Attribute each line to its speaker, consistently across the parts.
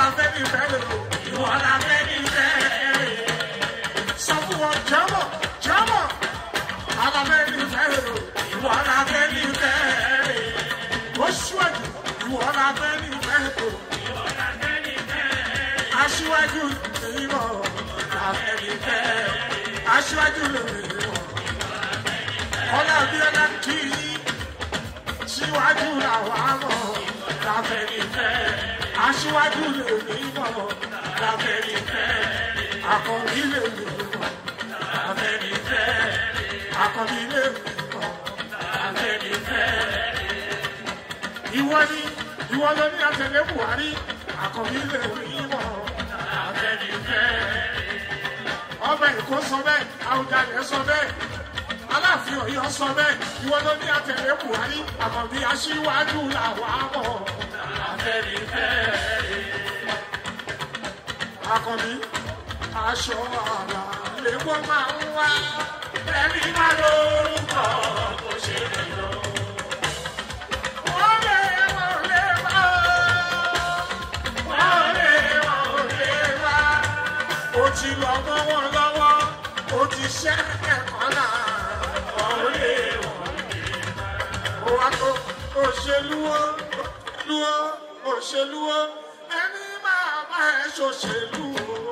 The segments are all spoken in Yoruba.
Speaker 1: la fẹ́ ní fẹ́ rẹ̀ o ìwọ la fẹ́ ní fẹ́ rẹ̀ sọ fún wọn jẹ́mọ̀ jẹ́mọ̀ alábẹ́ ní fẹ́ rẹ̀ o ìwọ la fẹ́ ní fẹ́ rẹ̀ oṣuwájú ìwọ la fẹ́ ní fẹ́ rẹ̀ o aṣíwájú lèyí mọ̀ la fẹ́ aṣíwájú lèmi náà láfẹ́rìfẹ́ àkànbí lèmi náà láfẹ́rìfẹ́ àkànbí lèmi náà láfẹ́rìfẹ́. ìwọ ni ìwọ ló ní àtẹlẹ Buhari àkànbí lèmi náà láfẹ́rìfẹ́. ọba Èkó sọ bẹ́ẹ̀ Awùjalẹ̀ sọ bẹ́ẹ̀ Aláàfin Ọ̀yọ́ sọ bẹ́ẹ̀ ìwọ ló ní àtẹlẹ Buhari àkànbí aṣíwájú làwọn àmọ́. aṣọ àrà lèwọ́ máa ń wá ẹni má lórúkọ kò ṣe lè lọ. ti wa tó òṣèlúwó lúwó òṣèlúwó ẹni máa bá ẹ ṣòṣèlú o.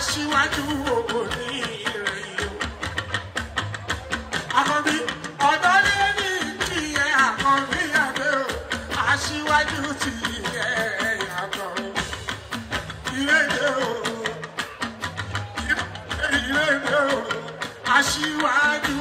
Speaker 1: aṣíwájú òkò ní ìrẹ̀ yìí o. Àkànbí ọ̀dọ́ ní ní ìyẹn Àkànbí àgbẹ̀ o, aṣíwájú ti ìyẹn yàtọ̀ o. Ìrèdè o, ìrèdè o, aṣíwájú.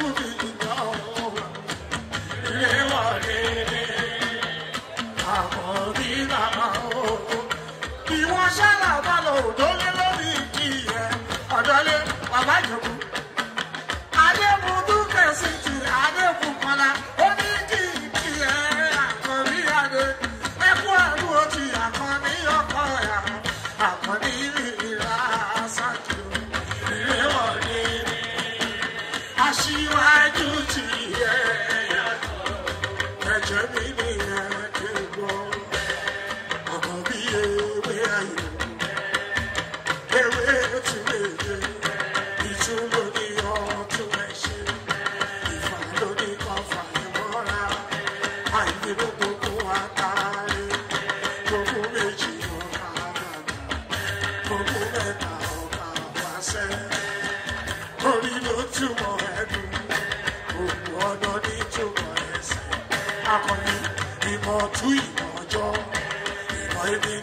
Speaker 1: aṣíwájú ti. túmọ̀ ẹnu gbogbo ọ̀nà ní túmọ̀ ẹsẹ̀ akọni ìmọ̀ tú the ọjọ́ ìmọ̀ ẹni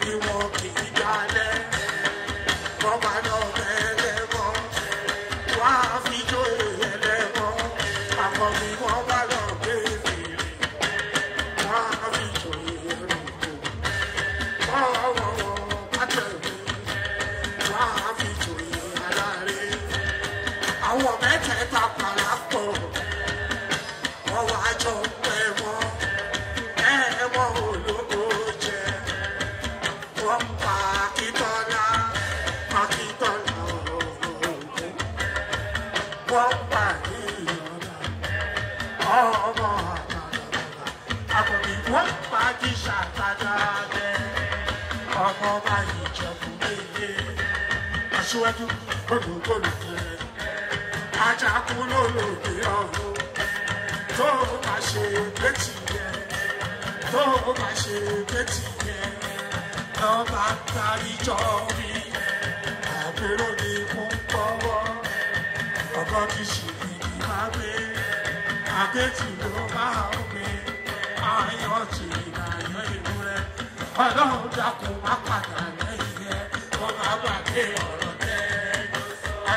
Speaker 1: síwájú gbogbo olùfẹ́ ajakú lólòdì ọ̀hún tó o bá ṣe létí yẹ tó o bá ṣe létí yẹ lọ́ba tarijọ́ mi àpérò ní fún pọ́wọ́ ọkọ kì í ṣe ìdí máa gbé àkẹ́tì ló máa ń gbé ayọ̀ tì ìdáyọ̀ ìlú rẹ̀ ọlọ́run dákun má padà lẹ́yìn rẹ̀ kó má gbàgbé ọ̀rọ̀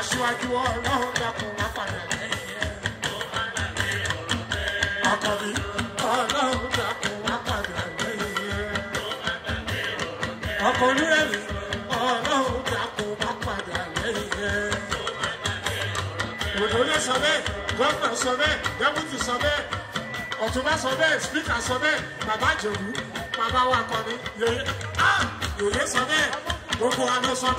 Speaker 1: aṣíwájú ọlọ́run dákun má padà lẹ́yìn ẹ̀. àkọ́bí ọlọ́run dákun má padà lẹ́yìn ẹ̀. ọkọ̀ onírẹ̀lì ọlọ́run dákun má padà lẹ́yìn ẹ̀. òdòdó sọ bẹ́ẹ̀ gómìnà sọ bẹ́ẹ̀ dẹ́kùtì sọ bẹ́ẹ̀ ọ̀túnbá sọ bẹ́ẹ̀ spíkà sọ bẹ́ẹ̀ bàbá àjẹ̀wò bàbá wa kọ́ni yòye ah, sọ bẹ́ẹ̀. gbogbo ana má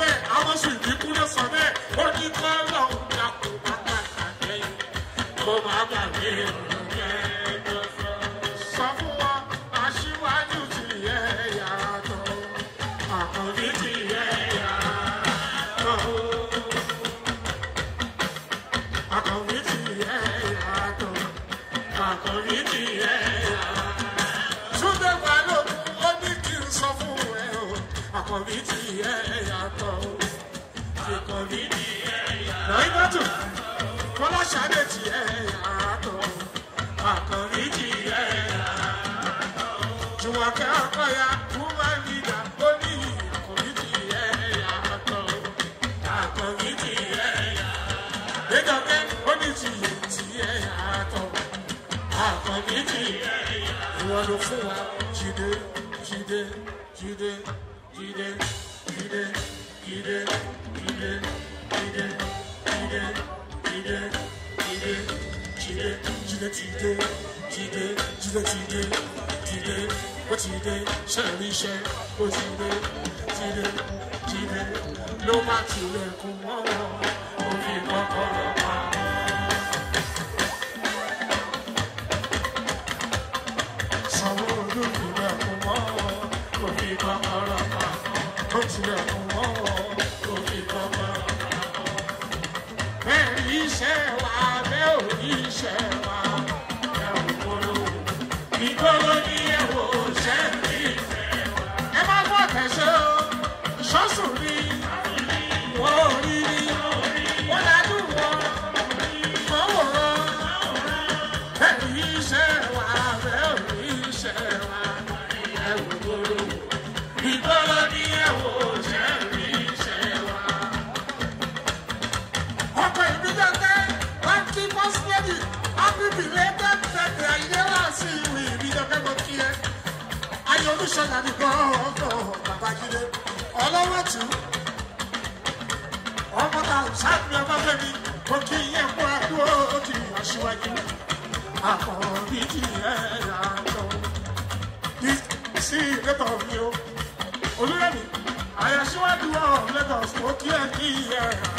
Speaker 1: Fọláṣadé tiẹ̀ yàtọ̀ Àkànní tiẹ̀ yàtọ̀ Jùmọ̀kẹ́ Ọkọ̀yà woman leader ó ní Àkànní tiẹ̀ yàtọ̀ Àkànní tiẹ̀ yàtọ̀ Déjọ́kẹ́ ó ní tiẹ̀ tiẹ̀ yàtọ̀ Àkànní tiẹ̀ yàtọ̀ ìwọ ló fún wa Jídé Jídé what you did, you did, you what you did, shall we share, what you did, you no matter did, ló má tilẹ̀ kún mọ́wọ́, òfin kọ́kọ́rọ́ pa. Sanwó olùkílẹ̀ kún mọ́wọ́, òfin kọ́kọ́rọ́ pa. Ó tilẹ̀ kún mọ́wọ́, òfin kọ́kọ́rọ́ pa. Bẹ́ẹ̀ ni Happy birthday. Olúṣọlá Olúṣọlá ní gbọ́ngàn Babájídé ọlọ́wọ́ tù ú. Ọmọ ta sáàbì ọmọbẹ̀mí kò kí iye kó àdó ti aṣíwájú. Àkọ́bí ti ẹ̀ là ń lọ. Sí ìrẹ́bọ̀ mi o, Olúrẹ̀mí, àyàṣíwájú ọ̀hún Lagos kò kí ẹ̀ kí iye rà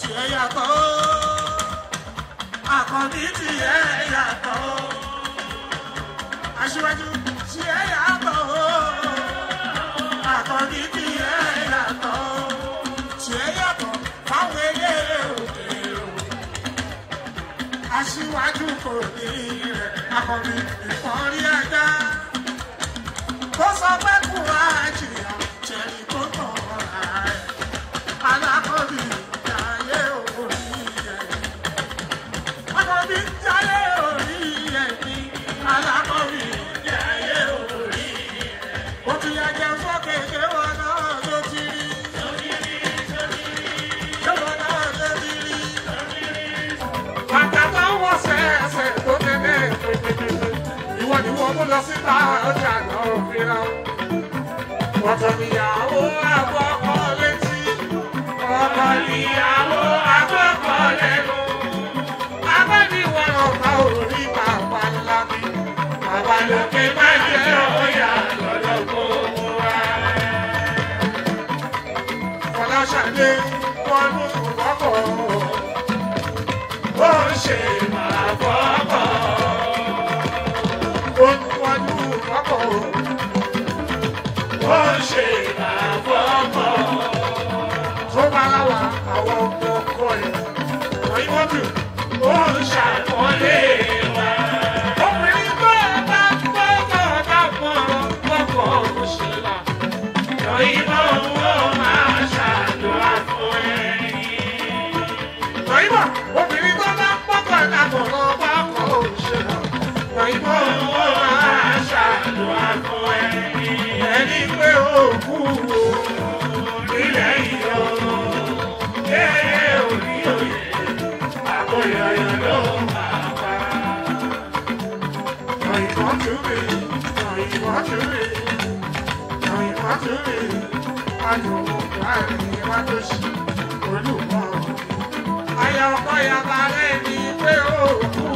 Speaker 1: tí ẹ yàtọ̀ o. Àkọ́bí mú lọ síta ọjà náà òfin lọ. ọ̀tọ̀ níyàwó àgbọ̀kọ̀ létí ọ̀tọ̀ níyàwó àgbọ̀kọ̀ lẹ́nu. abẹ́niwọ̀n ọ̀pá Hurry àtúnrè àtúnwò àìrìn wájọsí olùkọ́ ayọ̀kọ́ pé ó kú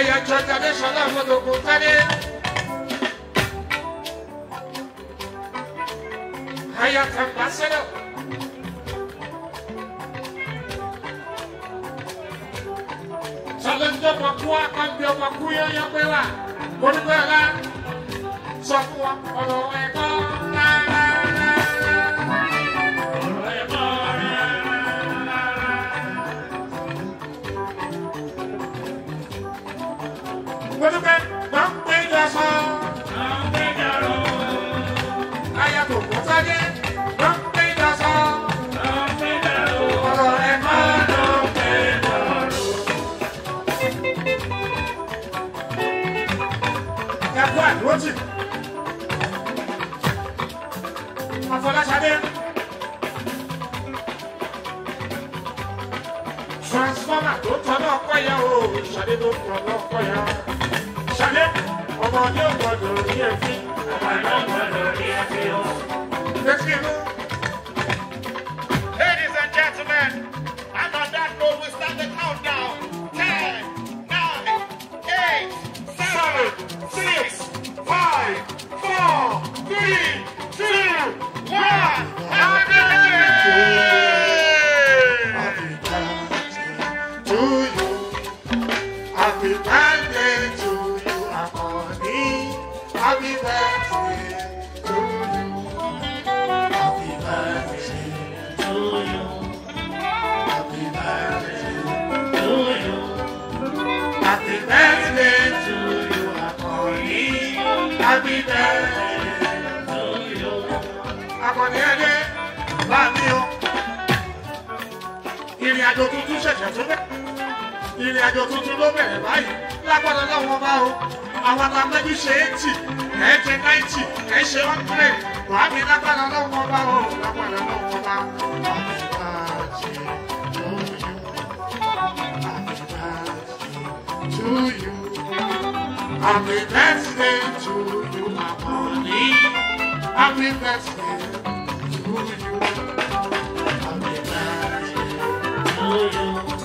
Speaker 1: Aya çatane şalahı dokutane Aya kambasana Salonjo makua kambio makuya ya kwewa Mwenye kwewa Sokua ono eko onípẹ́ wọ́n ń pè jọ sọ. wọ́n ń pè jọ rò. aya kò kó sáyé wọ́n ń pè jọ sọ. wọ́n ń pè jọ rò. ọ̀rọ̀ ẹ̀ Ladies and gentlemen, and on that note we start the countdown. Ten, nine, eight, seven, six, five, four, three, two, one. Happy birthday! to you. Happy birthday. àjò tuntun ṣẹ̀ṣẹ̀ tó bẹ̀. ìrìn àjò tuntun ló bẹ̀rẹ̀ báyìí lágbára láwọn bá o. àwọn àtàgbẹ́jú ṣe é tì ẹ̀ jẹ náìtì ẹ̀ ṣe wọ́n pẹ̀lẹ́ wàá mi lágbára láwọn bá o lágbára láwọn bá o. to you. Happy birthday to you, my honey. Happy birthday to you. you.